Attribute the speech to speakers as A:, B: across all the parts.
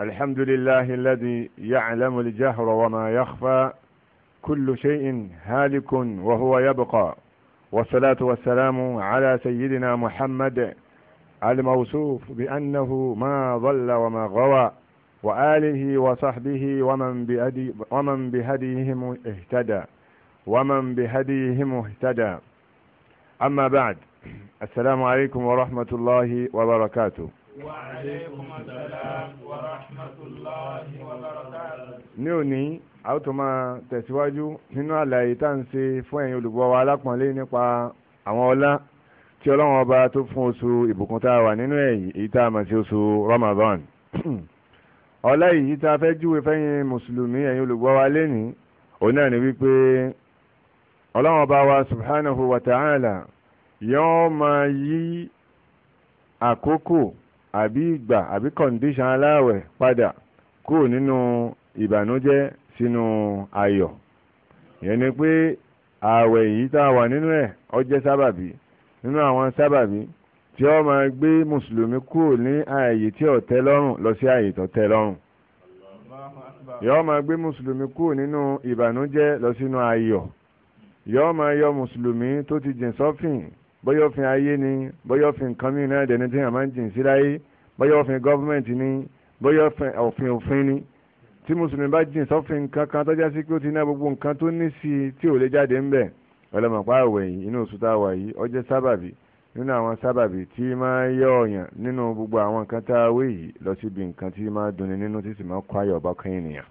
A: الحمد لله الذي يعلم الجهر وما يخفى كل شيء هالك وهو يبقى والصلاة والسلام على سيدنا محمد الموصوف بأنه ما ضل وما غوى وآله وصحبه ومن, بأدي ومن بهديهم اهتدى ومن بهديهم اهتدى أما بعد السلام عليكم ورحمة الله وبركاته ní òní a ó tún máa tẹ̀síwájú nínú àlàyé tá à ń ṣe fún ẹ̀yin olùgbọ́ wa alápọ̀nlé nípa àwọn ọlá tí ọlọ́run ọba tó fún oṣù ìbùkún tá a wà nínú ẹ̀yìn èyí tá a mọ̀ sí oṣù Ramadan ọlá yìí tá a fẹ́ júwe fẹ́yin mùsùlùmí ẹ̀yin olùgbọ́ wa lénìí òun náà ni wípé ọlọ́run ọba wa subhanahu wa ta'ala yóò máa yí àkókò àbí ìgbà àbí condition aláwẹ̀ padà kúrò nínú ìbànújẹ́ sínú ayọ̀ ìyẹn ni pé ààwẹ̀ yìí tá a wà nínú ẹ̀ ó jẹ́ sábàbí nínú àwọn sábàbí tí ó máa gbé mùsùlùmí kúrò ní ààyè tí ó tẹ́ lọ́rùn lọ sí ààyè tó tẹ́ lọ́rùn yóò máa gbé mùsùlùmí kúrò nínú ìbànújẹ́ lọ sínú ayọ̀ yóò máa yọ mùsùlùmí tó ti jìn sọ́fìn bóyá òfin ayé ni bóyá òfin nǹkan mìíràn náà dẹni tí yàn máa ń jìn sí láyé bóyá òfin gọ́fìmẹ̀ntì ni bóyá òfin òfin ni tí mùsùlùmí bá jìn sófin nǹkan kan tọ́já sí pé ó ti ná gbogbo nǹkan tó ní sí i tí ò lè jáde ń bẹ̀ ọlọ́mọ̀pá àwẹ̀ yìí inú oṣù tá a wà yìí ó jẹ́ sábàbí nínú àwọn sábàbí tí máa yọ ọ̀yàn nínú gbogbo àwọn nǹkan tá a wé yìí lọ síbi nǹkan tí máa dunni nínú tí sì máa kó ayọ̀ bá ènìyàn.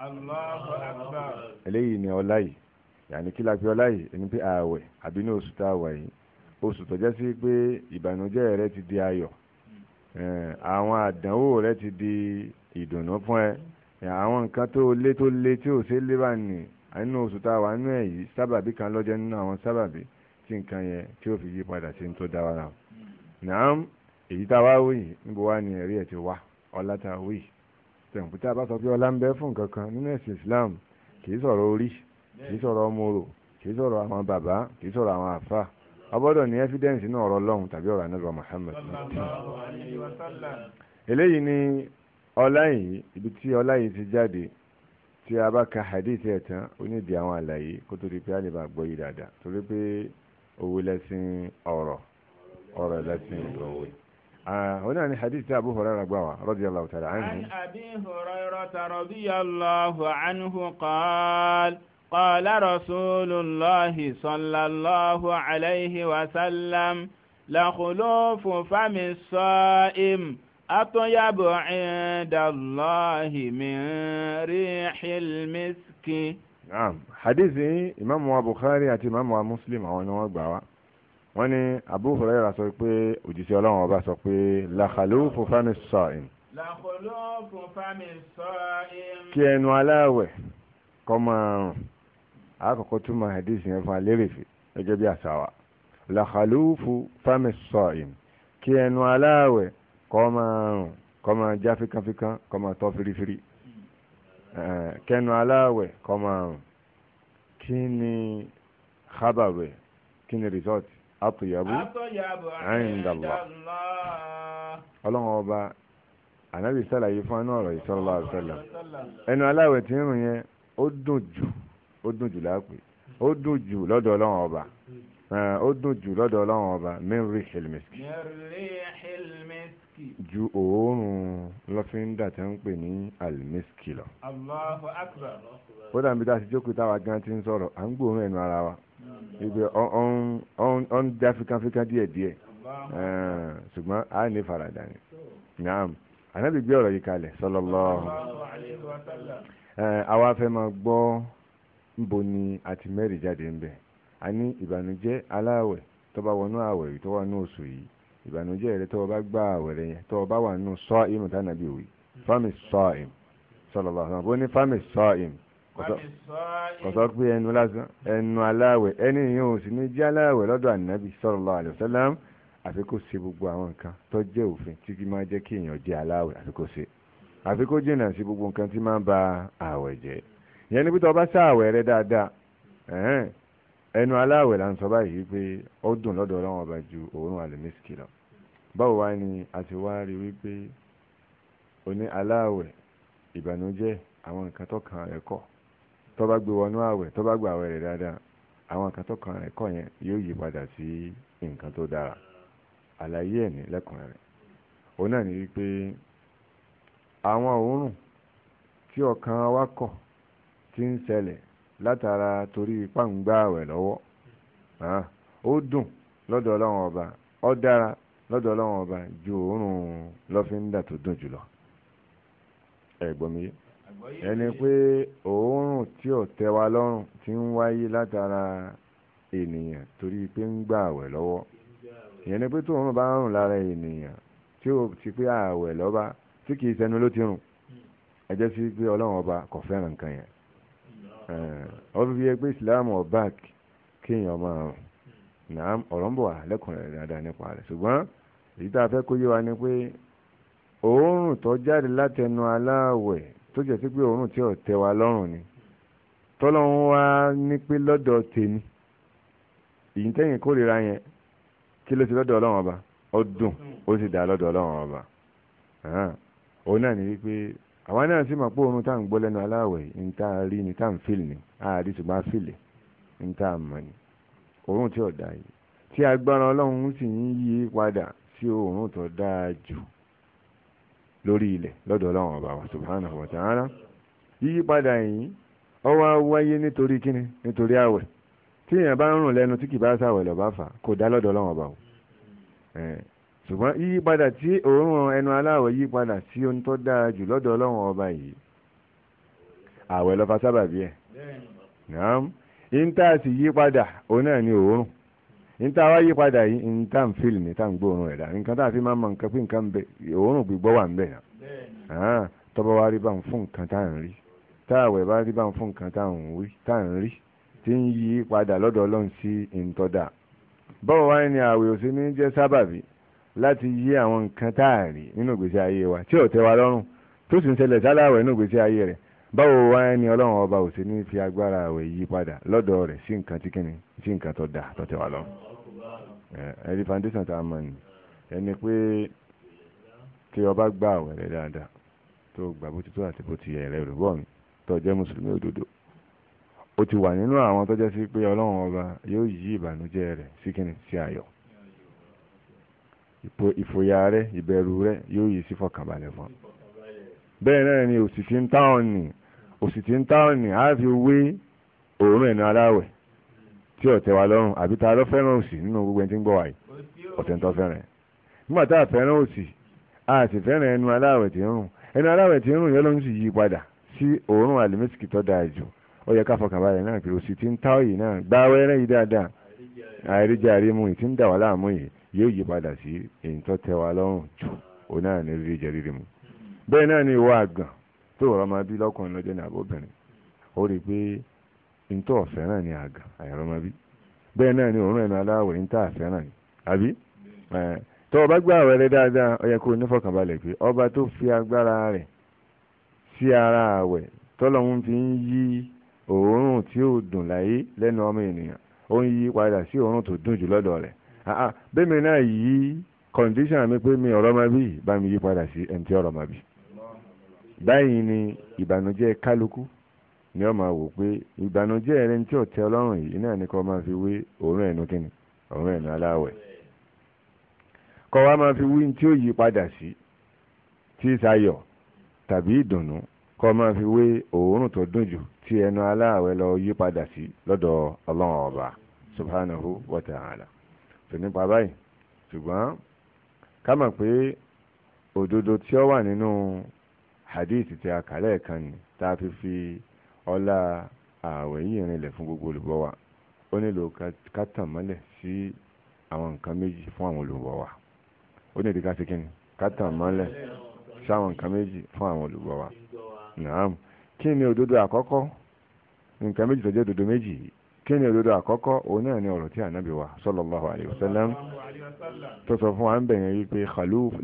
A: eléyìí ni ọlá yìí yàní kí la fi ọlá yìí ẹni pé àwẹ̀ àbí oṣù tá a wà yìí oṣù tó jẹ́ sí pé ìbànújẹ́ rẹ ti di ayọ̀ eh, àwọn àdánwò rẹ ti di ìdùnnú fún ẹ eh, àwọn nǹkan tó lé tó lé tí ò ṣe lé bá nì nínú oṣù tá a wà nínú ẹ̀ yìí sábàbí kan lọ́jọ́ nínú àwọn sábàbí tí nǹkan yẹn tí ó fi yí padà sí tó dá wa náà èyí tá a wá wí níbo wá ni ẹ̀rí ẹ̀ ti wá ọlá tá a wí tẹ̀m̀pútà bá sọ pé ọlá ń bẹ fún nǹkan kan nínú ẹ̀sìn Islam kì í sọ̀rọ̀ orí kì í sọ̀rọ̀ ọmọ rò kì í sọ̀rọ̀ àwọn bàbá kì í sọ̀rọ̀ àwọn àfáà ọgbọ́dọ̀ ní evidence inú ọ̀rọ̀ ọlọ́run tàbí ọ̀rọ̀ anábà Muhammad eléyìí ni ọlá yìí ibi tí ọlá yìí ti jáde tí a bá ka hadith ẹ̀ tán ó ní ìdí àwọn àlàyé kó tó di pé a lè bá gbọ́ yìí dáadáa torí pé òwe lẹ́sìn ọ̀rọ̀ ọ̀rọ̀ lẹ́sìn òwe. هنا عن حديث أبو هريرة رضي الله تعالى عنه عن
B: أبي هريرة رضي الله عنه قال قال رسول الله صلى الله عليه وسلم لخلوف فم الصائم أطيب عند الله من ريح المسك نعم
A: حديث إمام بخاري àti Imam Muslim àwọn ni wọ́n gbà wá wọ́n ní Abu Hurairah sọ pé òjíṣẹ́ Ọlọ́run ọba sọ pé لخلوف فم الصائم
B: لخلوف فم الصائم
A: kí ẹnu aláwẹ̀ kọ́ máa rùn àkọ́kọ́ túmọ̀ hadith yẹn fún alérèfé gẹ́gẹ́ bí àṣà wa làkàlùfù fámi sọ̀ìm kí ẹnu aláàwẹ̀ kọ́ máa rùn kọ́ máa já fíkanfíkan kọ́ máa tọ́ firifiri kẹnu aláàwẹ̀ kọ́ máa rùn kí ni khabaru kí ni result atyabu indallah ọlọ́run ọba ànábì sàlàyé fún anú ọ̀rọ̀ sallallahu alaihi wasallam ẹnu aláàwẹ̀ tí ń rùn yẹn ó dùn jù ó dùn jù lápè ó dùn jù lọ́dọ̀ ọlọ́run ọba hmm. eh, ó dùn jù lọ́dọ̀ ọlọ́run ọba min rihil miski ju òórùn lọ́fíńdà tí ń pè ní almiski lọ.
B: Allahu akbar.
A: ó dàbí dá sí jókòó táwa gan ti ń sọ̀rọ̀ à ń gbóòórùn ẹnu ara wa ibi hmm. ọ̀ ń dá fíkánfíkán díẹ̀díẹ̀ eh, ṣùgbọ́n a ní faradà ni. naam ànábì gbé ọ̀rọ̀ yìí kalẹ̀ sallallahu. Eh, àwa fẹ́ máa gbọ́ níbo ni a ti mẹ́rin jáde ń bẹ̀ a ní ìbànújẹ́ aláwẹ̀ tó bá wọnú àwẹ̀ yìí tó wà oṣù yìí ìbànújẹ́ rẹ tó bá gba àwẹ̀ rẹ yẹn tó bá wà nù sọ ìmù tánàbí òwe fámi sọ ìm sallallahu alaihi wasallam bó ní fámi sọ ìm kọ̀sọ́ pé ẹnu lásán ẹnu aláwẹ̀ ẹni yìí ò sì ní jẹ́ aláwẹ̀ lọ́dọ̀ ànábì sallallahu alaihi wasallam àfi kó ṣe gbogbo àwọn nǹkan tó jẹ́ òfin tí kì máa jẹ́ kí èèyàn jẹ́ aláwẹ̀ àfi ṣe àfi jìnnà sí gbogbo nǹkan tí máa ń ba àwẹ̀ jẹ́ ìyẹn ni pé tó bá ṣàwẹ̀ rẹ dáadáa ẹnu aláwẹ̀ là ń sọ báyìí pé ó dùn lọ́dọ̀ ọlọ́run ọba ju òórùn àlùmísìkì lọ báwo wá ni a ti wá rí wípé oní aláwẹ̀ ìbànújẹ́ àwọn nǹkan tó kan rẹ̀ kọ̀ tó bá gbé wọnú àwẹ̀ tó bá gbà àwẹ̀ rẹ̀ dáadáa àwọn nǹkan tó kan rẹ̀ kọ̀ yẹn yóò yí padà sí nǹkan tó dára àlàyé ẹ̀ ní lẹ́kùnrin òun náà ni wípé àwọn òórùn tí ọkàn wa kọ̀ tí ń ṣẹlẹ̀ látara torí pàǹgbà àwẹ̀ lọ́wọ́ ó dùn lọ́dọ̀ ọlọ́run ọba ó dára lọ́dọ̀ ọlọ́run ọba ju òórùn lọ́fíńdà tó dùn jùlọ ẹ̀gbọ́n mi ẹni pé òórùn tí ò tẹ́ wa lọ́rùn ti ń wáyé látara ènìyàn torí pé ń gbà àwẹ̀ lọ́wọ́ ìyẹn ni pé tó òórùn bá ń rùn lára ènìyàn tí ó ti pé àwẹ̀ lọ́ba tí kì í ṣẹnu ló ti rùn ẹ jẹ́ sí pé ọlọ́run ọba kò fẹ́ràn nǹkan yẹn ọ bụrụ yẹ pé islam ọbaak kéèyàn máa nàám ọ̀rọ̀ ń bọ̀ wá lẹ́kùnrin dáadáa nípa rẹ̀ ṣùgbọ́n èyí tá a fẹ́ kó yé wa ni pé òórùn tó jáde látẹnu aláàwẹ̀ tó jẹ́ sí pé òórùn tí ò tẹ́ wa ni tọ́lọ́run wá ní pé lọ́dọ̀ tèmi kórìíra yẹn kí ló ti lọ́dọ̀ ọlọ́run ọba àwa náà sì mọ̀ pé oorun tá à ń gbọ́ lẹ́nu aláwẹ̀ ní tá a rí ni tá à ń fìlì ni àárí ṣùgbọ́n a fìlì ní tá a mọ̀ ni oorun tí ò dá yìí tí agbára ọlọ́run sì ń yí padà sí oorun tó dáa jù lórí ilẹ̀ lọ́dọ̀ ọlọ́run ọba wa subhanahu wa ta'ala yíyí yìí ó wáyé nítorí kíni nítorí àwẹ̀ tí èèyàn bá ń rùn lẹ́nu tí kì bá sáwẹ̀ lọ́ba fà kò dá lọ́dọ̀ ọlọ́run ọba o ṣùgbọ́n yíyípadà tí òórùn ẹnu aláwọ̀ yípadà sí ohun tó dáa jù lọ́dọ̀ ọlọ́run ọba yìí àwẹ̀ lọ́fà sábàbí ẹ̀ nàám ìntà sì yípadà òun náà ni òórùn ìntà wá yípadà yìí ìntà ń fìlì ní tá ń gbóòórùn ẹ̀dá nǹkan tá a fi máa mọ nǹkan pé nǹkan bẹ òórùn gbígbọ́ wà ń bẹ̀ náà tọ́bọ̀ wá rí bá ń fún nǹkan tá à ń rí táàwẹ̀ bá rí bá ń fún nǹkan tá à ń rí tí ń yí láti yí àwọn nǹkan táàrí nínú ìgbésí ayé wa tí ò tẹ́ wa lọ́rùn tó sì ń ṣẹlẹ̀ sáláwẹ̀ nínú ìgbésí ayé rẹ̀ báwo wá ní ọlọ́run ọba ò sí ní fi agbára àwẹ̀ yí padà lọ́dọ̀ rẹ̀ sí nǹkan tí kìíní sí nǹkan tó dà tó tẹ́ wa lọ́rùn. ẹ̀rí foundation tá a mọ̀ ni ẹni pé kí ọba gba àwẹ̀ rẹ̀ dáadáa tó gbà bó ti tó àti bó ti yẹ rẹ̀ rẹ̀ bọ̀ mi tó jẹ́ mùsùlùmí òdodo ó ti wà nínú àwọn tó jẹ́ sí pé ọlọ́run ọba yóò yí ìbànújẹ́ rẹ̀ sí kìíní sí ayọ̀ ìfòyà rẹ ìbẹ̀rù rẹ yóò yí sí fọkànbalẹ̀ fún ọ bẹ́ẹ̀ náà ni òsì tí ń táwọn nì òsì tí ń táwọn nì á fi wé òórùn ẹ̀nu aláwẹ̀ tí ọ̀tẹ̀ wa lọ́rùn àbí ta ló fẹ́ràn òsì nínú gbogbo ẹni tí ń gbọ́ wáyé ọ̀tẹ̀ ń tọ́ fẹ́ràn ẹ̀ nígbà tá a fẹ́ràn òsì a sì fẹ́ràn ẹnu aláwẹ̀ tí ń rùn ẹnu aláwẹ̀ tí ń rùn yẹn ń sì yí padà sí òórùn àlùmísìkì tó dáa jù ó yẹ ká fọkànbalẹ̀ náà kiri òsì tí ń táwọn yìí náà gbáwẹ́rẹ́ yìí dáadáa àìríjàre mu yìí tí yóò yí padà sí èyí tó chụ o lọ́rùn jù náà jẹ mu bẹ́ẹ̀ náà ni ìwọ àgàn tó rọ ọmọ bí lọ́jọ́ ní abóbìnrin ó rí i pé ntọ́ ọ̀fẹ́ náà ni àgàn àyàrọ̀ ọmọ bí bẹ́ẹ̀ náà ni òórùn ẹnu aláwẹ̀ ntọ́ àfẹ́ náà ni àbí tó o bá rẹ dáadáa yẹ kó o nífọ̀kànbalẹ̀ pé ọba tó fi agbára rẹ̀ sí ara àwẹ̀ tọ́lọ́hún fi ó Ah, ah, bẹ́ẹ̀mi náà yí kọ̀ǹdíṣàn mi pé mi ọ̀rọ̀ máa bí bá mi yí padà sí ẹni tí ọ̀rọ̀ máa bí báyìí ni ìbànújẹ́ kálukú ni ọ máa wò pé ìbànújẹ́ rẹ tí ò tẹ́ ọlọ́run yìí náà ni kò máa fi wé òórùn ẹ̀nu kíni òórùn ẹ̀nu aláwẹ̀ kọ́ wa máa fi wí tí ó yí padà sí tí sayọ̀ tàbí ìdùnnú kọ́ máa fi wé òórùn tó dùn jù tí ẹnu aláwẹ̀ lọ yí padà sí lọ́dọ̀ ọlọ́run ọba subhanahu wa ta'ala tó nípa báyìí ṣùgbọ́n ká mọ̀ pé òdodo tí ó wà nínú hadith tí a kà ni tá a fi fi ọlá ààwẹ̀ yìí rinlẹ̀ fún gbogbo olùgbọ́ wa ó nílò ká tàn mọ́lẹ̀ sí àwọn nǹkan méjì fún àwọn olùgbọ́ wa ó nílò ká ṣe kíni ká tàn mọ́lẹ̀ sí àwọn nǹkan méjì fún àwọn olùgbọ́ wa kí ni òdodo àkọ́kọ́ nǹkan méjì tó jẹ́ òdodo méjì yìí kí ni òdodo àkọ́kọ́ òun náà ni ọ̀rọ̀ tí ànábì wa sallallahu alayhi wa sallam tó sọ fún wa ń bẹ̀yẹn wípé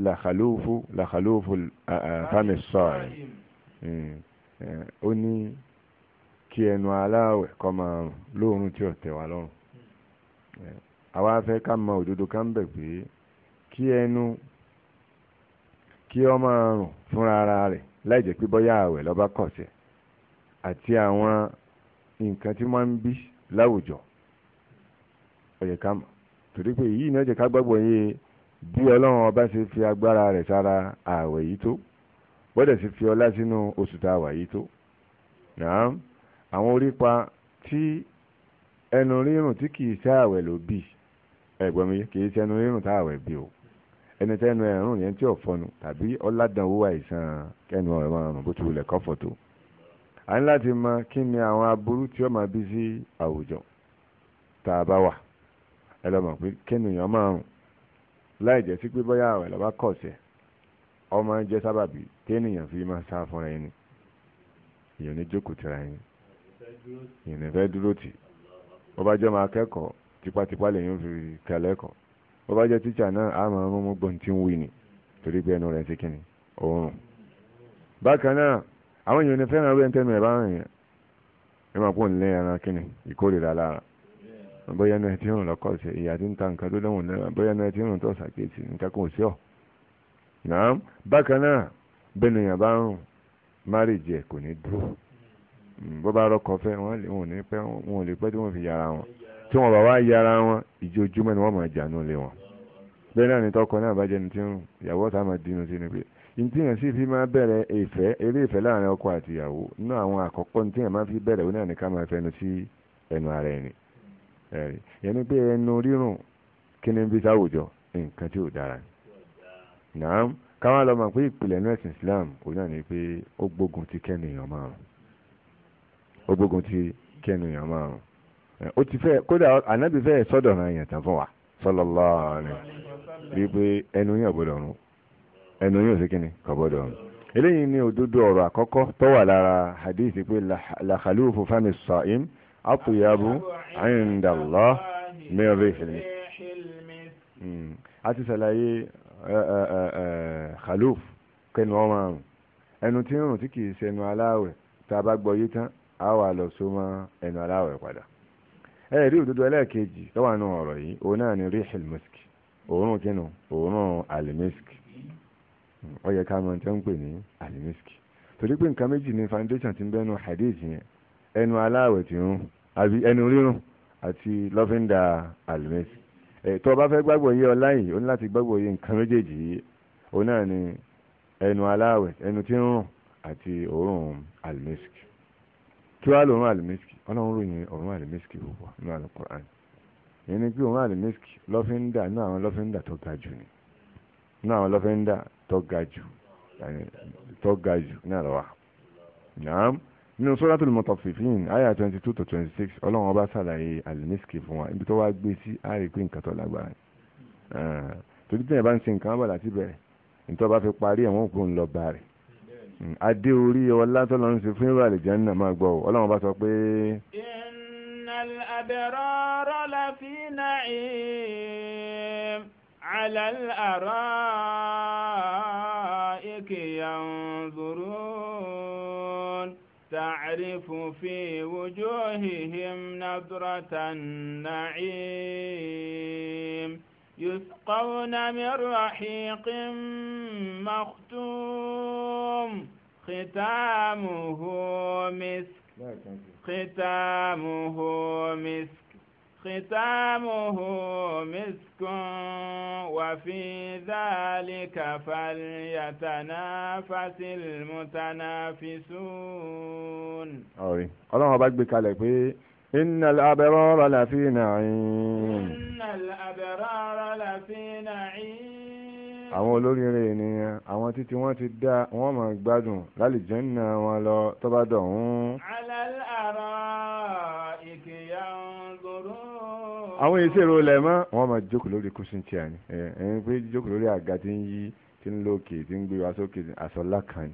A: la khalufu la khalufu fami sọ́ọ̀rì ó ní kí ẹnu aláwẹ̀ kọ́ máa rùn lóòrùn tí ó tẹ̀ wá lọ́rùn àwa fẹ́ ká mọ òdodo ká ń bẹ̀ pé kí ẹnu kí ọ máa rùn fúnra ara rẹ̀ láì jẹ́ pé bọ́yá àwẹ̀ lọ́ba kọ̀ọ̀tẹ̀ àti àwọn nǹkan tí wọ́n ń bí láwùjọ ọ̀yẹ̀ ká mọ̀ torí pé èyí náà jẹ́ ká gbàgbọ́ yé bí ọlọ́run ọba ṣe fi agbára rẹ̀ sára ààwẹ̀ yìí tó bọ́dẹ̀ sì fi ọlá sínú oṣù tá a wà yìí tó àwọn orípa tí ẹnu rírùn tí kì í ṣe ààwẹ̀ ló bì ẹ̀gbọ́n mi kì í ṣe ẹnu rírùn tá ààwẹ̀ bí o ẹni tẹ́nu ẹ̀rùn yẹn tí ò fọnu tàbí ọ̀làdànwó àìsàn kẹnu ọ̀rọ̀ ọ̀rùn bó ti wulẹ̀ kọ́fọ̀ tó a ní láti mọ kí ni àwọn aburú tí ó máa bí sí àwùjọ tá a bá wà ẹ lọ mọ̀ pé kí nìyàn máa rùn láì jẹ́ sí pé bóyá àwẹ̀ lọ́ba kọ̀ sí ẹ̀ ọmọ jẹ́ sábàbí kéènìyàn fi máa sá fúnra ẹni èèyàn ní jókòó tira ẹni èèyàn fẹ́ dúró tì ó bá jẹ́ ọmọ akẹ́kọ̀ọ́ tipátipá lèyìn fi kẹlẹ́kọ̀ọ́ ó bá jẹ́ tíṣà náà á máa mú gbọ́n tí ń wí ni torí pé ẹnu rẹ̀ ṣe kíni òórùn bákan náà àwọn èèyàn ní fẹ́ràn ọ̀rẹ́ ntẹ́nu ẹ̀ bá rìn yẹn ẹ máa pọ̀ nílé ẹran kínní ìkórìíra lára bóyá náà ti rùn lọ́kọ̀ ṣe ìyá tí ń ta nǹkan tó dáhùn náà bóyá náà ti rùn tó ṣàkíyèsí nǹkan kan ò sí ọ̀ náà bákan náà bẹ́ẹ̀ni èèyàn bá rùn márìjì ẹ̀ kò ní dúró hmm, bó bá rọ́kọ fẹ́ wọn ò ní pẹ́ wọn lè pẹ́ tí wọ́n fi yára wọn tí wọ́n bá wá yára wọn ìjojúmọ́ ni wọ́n máa jà nù lé wọn bẹ́ẹ̀ náà ni tọkọ náà bá jẹ́ni tí ń rùn ìyàwó ọ̀tá máa dínú sí ni ntíyàn si fi máa bẹ̀rẹ̀ ìfẹ́ eré ìfẹ́ láàrin ọkọ àti ìyàwó nínú àwọn àkọ́kọ́ ntíyàn máa fi bẹ̀rẹ̀ ó náà ní ká máa fẹnu sí ẹnu ara ẹni yẹnu pé ẹnu rírùn kí ni bí sáwùjọ nǹkan tí ò dára ni náà lọ pé ìpìlẹ̀ ẹ̀sìn Islam kò náà ní pé ó gbógun ti kẹ́nu èèyàn márùn ó gbógun ti kẹ́nu èèyàn márùn ó ti fẹ́ kódà ànábì fẹ́ sọ́dọ̀ tán fún wa ẹnu yóò ṣe kí ni kò gbọ́dọ̀ rùn eléyìí ni òdodo ọ̀rọ̀ àkọ́kọ́ tó wà lára hadith pé làkàlùfù fami sa'im àpòyàbù àyìndàlọ́ mẹ́rin ìṣẹ̀lẹ̀ hmm. a ti ṣàlàyé khaluf kẹnu ọmọ àrùn ẹnu tí ń rùn tí kìí ṣẹnu aláwẹ̀ tá a bá gbọ́ yé tán a wà lọ so mọ́ ẹnu aláwẹ̀ padà ẹ rí òdodo ẹlẹ́ẹ̀kejì tó wà nù ọ̀rọ̀ yìí òun náà ni rihil musk òórùn kínú òórùn alimisk ó yẹ ká mọ̀ tí wọ́n ń pè ní alimiski torí pé nǹkan méjì ní foundation ti ń bẹ́nu hadith yẹn ẹnu aláwẹ̀ tí ń rún àbí ẹnu rírun àti lọ́fíńdà alimiski tó o bá fẹ́ gbàgbọ́ yé ọlá yìí o ní láti gbàgbọ́ yé nǹkan méjèèjì yìí o náà ni ẹnu aláwẹ̀ ẹnu tí ń rún àti òórùn alimiski kí wàá lòórùn alimiski ọlọ́run ròyìn òórùn alimiski púpọ̀ nínú alukur'an ìyẹn ni pé òórùn alimiski lọ́fíńdà náà àwọn lọ́fíńdà tó ga jù ni náà àwọn lọ́fíńdà tọ́ga jù eh, tọ́ga jù náà lọ́wọ́ naam nínú suratul mutaffifin àyà twenty two to twenty six ọlọ́run ọba ṣàlàyé àlùmísìkì fún wa ibi tó wá gbé sí àárẹ̀kú nǹkan tó lágbára eh, torí tí yẹn bá ń sin nǹkan bàlá ti bẹ̀rẹ̀ nítorí bá fi parí ẹ̀wọ̀n kò ń lọ bá rẹ̀ hmm, adé orí ọlá tó lọ ń ṣe fún ìrọ̀lẹ́ jẹ́ nínú máa gbọ́ ọlọ́run ọba sọ pé.
B: innal abrara lafi الفلك ينظرون تعرف في وجوههم نظرة النعيم يسقون من رحيق مختوم ختامه مسك ختامه مسك ختامه مسك وفي ذلك فليتنافس المتنافسون
A: أوري الله أباك بكالك بي إن الأبرار لفي نعيم إن
B: الأبرار لفي نعيم
A: àwọn olóríire ènìyàn àwọn títí wọ́n ti dá wọ́n máa gbádùn lálẹ́ jẹ́nà wọn lọ tó bá dọ̀hún. àwọn èsì èrò lẹ̀ mọ́ wọ́n máa jókòó lórí kùsùn tí a pé jókòó lórí àga tí ń yí tí ń lókè tí ń gbé wa sókè àsọlá kan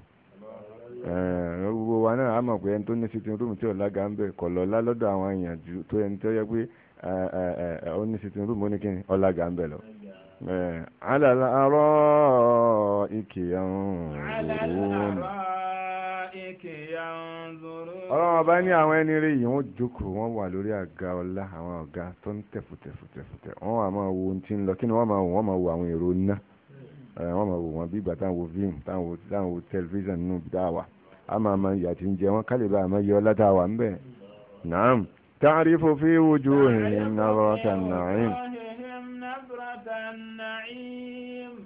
A: ni gbogbo wa náà a mọ̀ pé ẹni tó ní sitin rúùmù tí ọ̀la ga ń bẹ̀ kọ̀ lọ́la lọ́dọ̀ àwọn èèyàn ju tó ẹni tó yẹ pé ó ní sitin rúùmù ó ní kíni ọ̀la ga ń bẹ̀ lọ. على الأرائك ينظرون على
B: الأرائك ينظرون ọlọ́run
A: ọba ní àwọn ẹni rí yìí wọ́n jókòó wọ́n wà lórí àga ọlá àwọn ọ̀gá tó ń tẹ̀fùtẹ̀fùtẹ̀fùtẹ̀ wọ́n wà máa wo ohun tí ń lọ kí ni wọ́n máa wò wọ́n máa wo àwọn èrò ńná eh, wọ́n máa wò wọ́n bí ìgbà táwọn wo fíìmù táwọn wo tẹlifíṣàn nínú bí dáwà a máa máa yà tí ń jẹ wọ́n kálíbà àmọ́ yẹ ọlá dáwà ń bẹ̀. naam ta'rifu fi wujuhihim nadrata an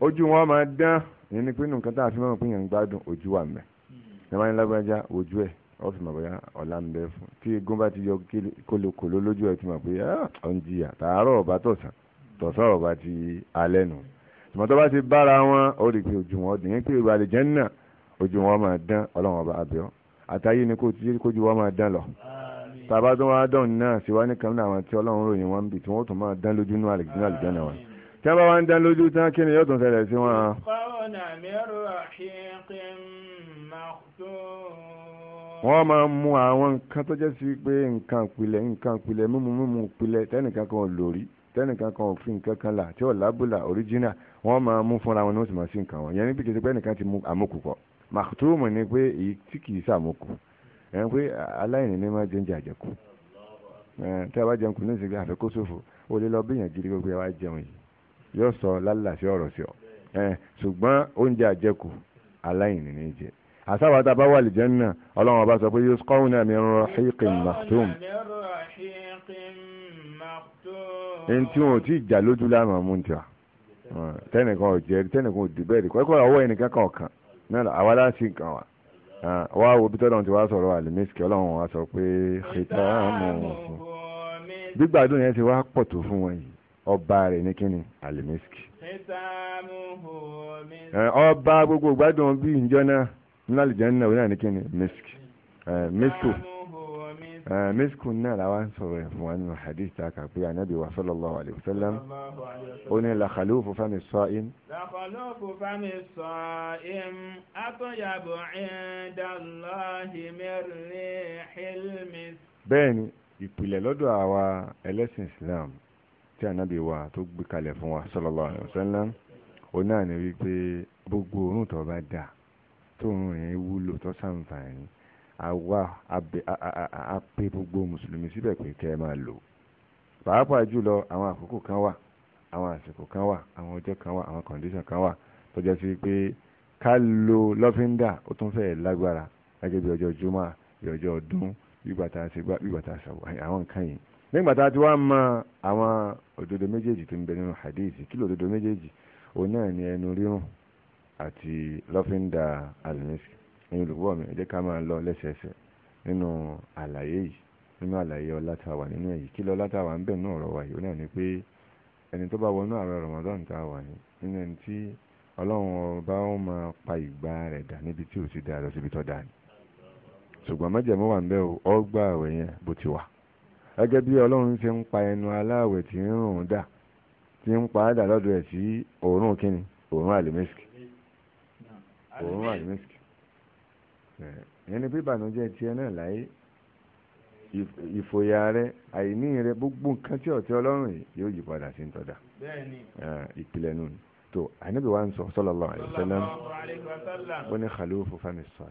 A: ojú wọn máa dán ìyẹn ni pé nǹkan tá a fi máa pín yàn gbádùn ojú wa mẹ́ ẹ máa ń lágbájá ojú ẹ̀ ọ fi mọ̀ bóyá ọ̀la ń bẹ fún tí egun bá ti yọ kólokòló lójú ẹ̀ ti mọ̀ pé ọ̀ ah, ń jìyà tààrọ̀ ọ̀bá tọ̀sán tọ̀sán ọ̀bá ti alẹ́ nù tòmọ́tò bá ti bára wọn ó rí i pé ojú wọn dùn pé ìwà àlejò náà ojú wọn máa dán ọlọ́run ọba abẹ́ àtàyè ni kò tí kójú wọn máa dán lọ tàbá tó wá dán náà síwá nìkan náà àwọn tí ọlọ́run ròyìn wọn bì tí wọ́n tún máa dán lójú náà àlejò náà wọn tí wọ́n wá ń dán lójú tán kí ni yóò tún ṣẹlẹ̀ sí wọn. wọ́n máa mu àwọn nǹkan tó jẹ́ sí pé nǹkan ìpìlẹ̀ nǹkan ìpìlẹ̀ mímu mímu ìpìlẹ̀ tẹ́nìkan kan lórí tẹ́nìkan kan ò nǹkan kan là tí ò lábùlà original wọ́n máa mú fúnra wọn ní oṣù màsí nǹkan wọn yẹn ní pèkìtì pé ẹnìkan ti mú àmókù pọ̀ màkútùmù ni pé èyí tí kì í sàmókù ẹ̀ ń pé aláìní ní máa jẹun jẹ àjẹkù ẹ̀ tí a bá jẹun kù ní ìsìnkú àfẹ́kọ́sòfò ó lè lọ bí èèyàn gidi gbogbo ẹ̀ wá jẹun yìí yóò sọ lálàsí ọ̀rọ̀ sí ọ ṣùgbọ́n oúnjẹ àjẹkù aláìní ní jẹ àsáwà tá a bá wà lè jẹun náà ọlọ́run ọba sọ pé yusqawna min rahiqin maktum ẹni tí wọn ò tí ì jà lójú láàmú àmúntìwá tẹnìkan ò jẹ tẹnìkan ò dìbẹ́ rí kọ́kọ́ ọwọ́ ẹnìkan kan ọ̀kan náà àwa láti kàn wá wá wo bí tọ́lọ́run ti wá sọ̀rọ̀ àlùmísìkì ọlọ́run wá sọ pé ṣètò àmọ̀ gbígbàdùn yẹn ti wá pọ̀ tó fún wọn yìí ọba rẹ̀ ní kíni alimiski. ọba gbogbo gbádùn bí ìjọ náà nínú àlìjánnà náà ní kíni miski misku misku náà làwọn sọ̀rọ̀ ẹ̀ fún wa nínú hadith ta kà pé anabi wa sallallahu alayhi wa sallam ó ní làkàlùfù fami sọ́ọ́ìm.
B: làkàlùfù fami sọ́ọ́ìm àtúnyàbọ̀ ìdánláhi mẹ́rin hilmi.
A: bẹ́ẹ̀ ni ìpìlẹ̀ lọ́dọ̀ àwa ẹlẹ́sìn Islam tí ànábì wa tó gbé kalẹ̀ fún wa sallallahu alaihi wasallam ó náà ní wípé gbogbo òórùn tó bá dà tó òórùn yẹn wúlò tó ṣàǹfààní àwa apẹ gbogbo mùsùlùmí síbẹ̀ pé kẹ́ ẹ máa lò pàápàá jùlọ àwọn àkókò kan wà àwọn àsìkò kan wà àwọn ọjọ́ kan wà àwọn kọ̀ǹdíṣàn kan wà tó jẹ́ sí pé ká lo lọ́fíńdà ó tún fẹ́ lágbára gẹ́gẹ́ bí ọjọ́ jùmọ̀ bí ọjọ́ ọdún bí bàtà ṣe gbá bí bàtà ṣàwọ̀ àwọn nǹkan yìí nígbà tá a ti wá mọ àwọn òdodo méjèèjì tó ń bẹ nínú hadithi kí lòdodo méjèèjì òun náà ni ẹnu rírùn àti lọ́fíńdà àlùmísì ní olùkọ́ mi ẹ jẹ́ ká máa lọ lẹ́sẹẹsẹ nínú àlàyé yìí nínú àlàyé ọlátàwà nínú èyí kí lọ látàwà ń bẹ nínú ọ̀rọ̀ wa yìí náà ni pé ẹni tó bá wọnú ààrẹ Ramadan tá a wà ní nínú ẹni tí ọlọ́run ọba ó máa pa ìgbà rẹ̀ dà níbi tí ò ti dà lọ síbi tó dà ní ṣùgbọ́n májẹ̀mú wà ń bẹ o ọgbà àwẹ̀ yẹn bó ti wà gẹ́gẹ́ bí ọlọ́run ṣe ń pa ẹnu aláàwẹ̀ tí ń rùn dà tí ń pa á dà lọ́dọ̀ ẹ̀ sí òórùn kínni òórùn àlèmísìkì òórùn àlèmísìkì ẹni bí ìbànújẹ́ tiẹ̀ náà láyé ìfòyà rẹ àìní rẹ gbogbo nǹkan tí ọ̀tí ọlọ́run yìí yóò yí padà sí ntọ́da ìpìlẹ̀ nù tó ànábì wa ń sọ sallallahu alaihi wasallam ó ní khalifu fami sọ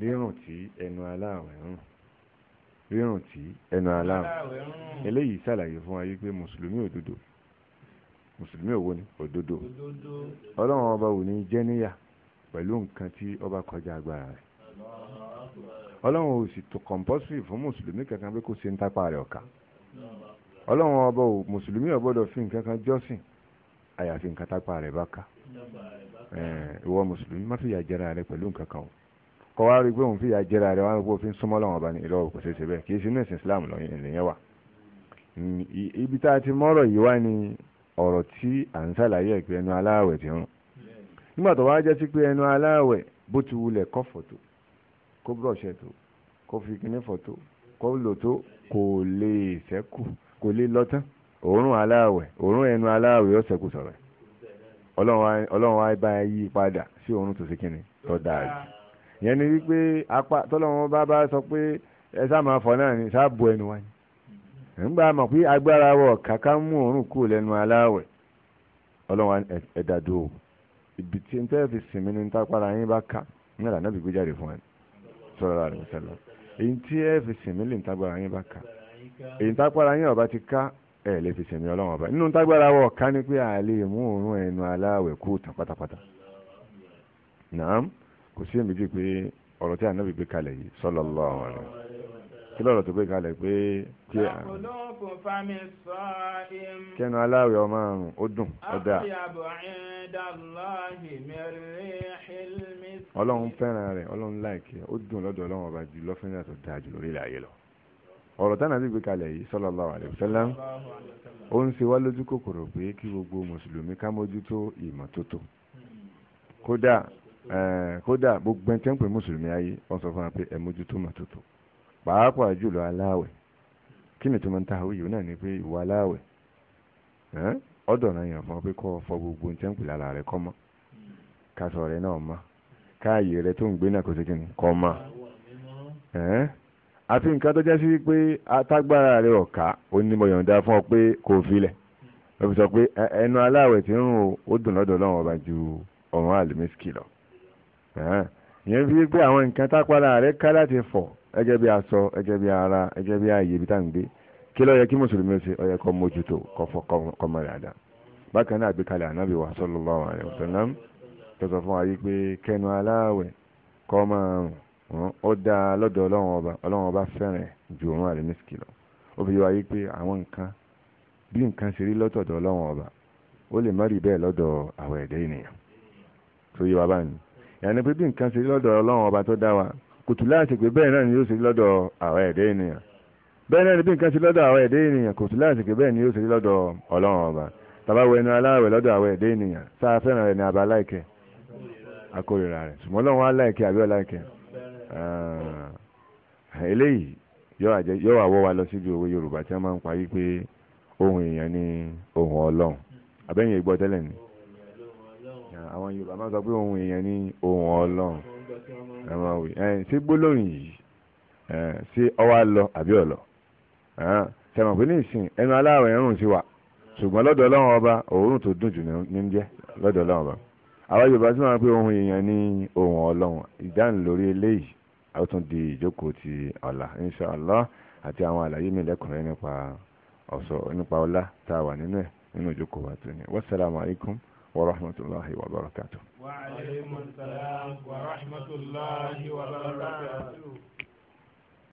A: rírùn tí ẹnu aláàwẹ̀ ń rùn rírùn tí ẹnu aláàmù eléyìí ṣàlàyé fún wa yìí pé mùsùlùmí òdodo mùsùlùmí òwò ni òdodo ọlọ́run ọba ò ní jẹ́ níyà pẹ̀lú nǹkan tí ọba kọjá agbára rẹ̀ ọlọ́run ò sì tó compulsory fún mùsùlùmí kankan pé kó ṣe ń tápá rẹ̀ ọ̀ka ọlọ́run ọba ò mùsùlùmí ò gbọ́dọ̀ fi nǹkan kan jọ́sìn àyàfi nǹkan tápá rẹ̀ bá ka ìwọ mùsùlùmí má fi yà jẹ́ra rẹ̀ pẹ̀lú nǹkan kan o kọ́ wá rí pé òun fìyà jẹ́ra rẹ̀ wọ́n á rí pé òfin súnmọ́ lọ́wọ́ ọba ní ìlọ́ òkú bẹ́ẹ̀ kì í ṣe nẹ́ẹ̀sì Islam lọ́yìn ènìyàn ibi tá a ti mọ́rọ̀ yìí wá ni ọ̀rọ̀ tí à ń ṣàlàyé ẹ̀ pé ẹnu aláàwẹ̀ ti rún. nígbà tó wá jẹ́ sí pé ẹnu aláàwẹ̀ bó ti wulẹ̀ kọ́ fọ̀tò kó búrọ̀ṣẹ̀ tó kó fi kíní fọ̀tò kó lò tó kò lè ṣẹ́kù kò lè lọ́tán òórùn aláàwẹ̀ òórùn ẹnu aláàwẹ̀ yóò ṣẹ́kù sọ̀rọ̀ ọlọ́run wa bá yí padà sí òórùn tó ṣe kíni tó dáa yẹn ni wípé apá tọ́lọ́wọ́n bá bá sọ pé ẹ sá máa fọ náà ni sá bu ẹnu wa ni nígbà mọ̀ pé agbára wọ̀ kàkà mú òórùn kúrò lẹ́nu aláwẹ̀ ọlọ́wọ́n ẹ̀dàdo ibi tí n tẹ́ẹ̀ fi sinmi ní ntápára yín bá ká ní àlànà bí gbéjáde fún wa ni sallallahu alaihi wasallam èyí tí ẹ fi sinmi lè ntágbára yín bá ká èyí ntápára yín ọba ti ká ẹ lè fi sinmi ọlọ́wọ́n ọba nínú ntágbára wọ̀ ká ní pé àlè mú òórùn ẹnu aláwẹ̀ kú tán nàám kò sí èméjì pé ọ̀rọ̀ tí ànábì gbé kalẹ̀ yìí sallallahu alaihi kí lọ́rọ̀ tó gbé kalẹ̀ pé kí kẹnu aláwẹ̀ ọmọ àrùn ó dùn ọ̀dà ọlọ́run fẹ́ràn rẹ̀ ọlọ́run láìkẹ́ ó dùn lọ́dọ̀ ọlọ́run ọba jù lọ́fẹ́ràn tó dáa jù lórí ilẹ̀ ayé lọ ọ̀rọ̀ tánà sí gbé kalẹ̀ yìí sallallahu alaihi wasallam ó ń ṣe wá lójú kòkòrò pé kí gbogbo mùsùlùmí ká mójútó ìmọ́tótó kódà Eh, kódà gbogbo ẹni tí ń pè mùsùlùmí ayé wọ́n sọ fún wa pé ẹ mà tuntun pàápàá jùlọ aláwẹ̀ kí ni tó máa ń ta àwòyè náà ni pé ìwà aláwẹ̀ ọ̀dọ̀ eh, náà yàn fún ọ pé kọ́ fọ gbogbo ẹni tí pè lára rẹ rẹ náà káàyè rẹ tó ń gbé náà eh, nǹkan tó ọ pé kò filẹ̀ sọ pé ẹnu aláwẹ̀ ń ó dùn lọ́dọ̀ ọba ju ọ̀run lọ. ìyẹn fi pé àwọn nǹkan tápàlà rẹ ká láti fọ̀ ẹgẹ́ bí aṣọ ẹgẹ́ bí ara ẹgẹ́ bí ààyè ibi tá à ń gbé kí yẹ kí mùsùlùmí ṣe ó yẹ mójútó kó fọ̀ kó bákan náà ànábì wa sallallahu tó sọ fún wa yìí pé kẹnu aláwẹ̀ kó máa rùn ó da lọ́dọ̀ ọlọ́run ọba ọlọ́run ọba fẹ́ràn ju òun lọ ó yàní pé bí nǹkan ṣe lọ́dọ̀ ọlọ́run ọba tó dá wa kùtù láti pé bẹ́ẹ̀ náà ni yóò ṣe lọ́dọ̀ àwọn ẹ̀dẹ́ ènìyàn bẹ́ẹ̀ náà ni bí nǹkan ṣe lọ́dọ̀ àwọn ẹ̀dẹ́ ènìyàn kùtù láti pé bẹ́ẹ̀ ni yóò ṣe lọ́dọ̀ ọlọ́run ọba tàbá wọ ẹnu aláàwẹ̀ lọ́dọ̀ àwọn ẹ̀dẹ́ ènìyàn sáà fẹ́ràn rẹ̀ ní abá láìkẹ́ akórira rẹ̀ ṣùgbọ́n ọlọ́run aláìkẹ́ àbí ọláìkẹ́ eléyìí yóò wà wa lọ àwọn Yorùbá máa sọ pé ohun èèyàn ní ohun Ọlọ́run ẹ máa wí ẹ ṣé gbólóhùn yìí ẹ ṣé ọwọ́ lọ àbí ọ̀lọ́ sẹ̀mọ̀ pé ní ìsìn ẹnu aláàrọ̀ ẹ̀rùn sí wa ṣùgbọ́n lọ́dọ̀ Ọlọ́run ọba òórùn tó dùn jù ní ń jẹ́ lọ́dọ̀ Ọlọ́run ọba àwọn Yorùbá sì máa pé ohun èèyàn ní ohun Ọlọ́run ìdáhùn lórí eléyìí àwọn tún di ìjókòó ti ọ̀la inṣàlá àti àwọn àlàyé mi lẹ́kùnrin nípa ọ̀sọ̀ nípa ọlá tá a wà nínú ẹ̀ nínú ìjókòó wa tó ní wassalamu alaikum ورحمة الله وبركاته
B: وعليكم السلام ورحمة الله وبركاته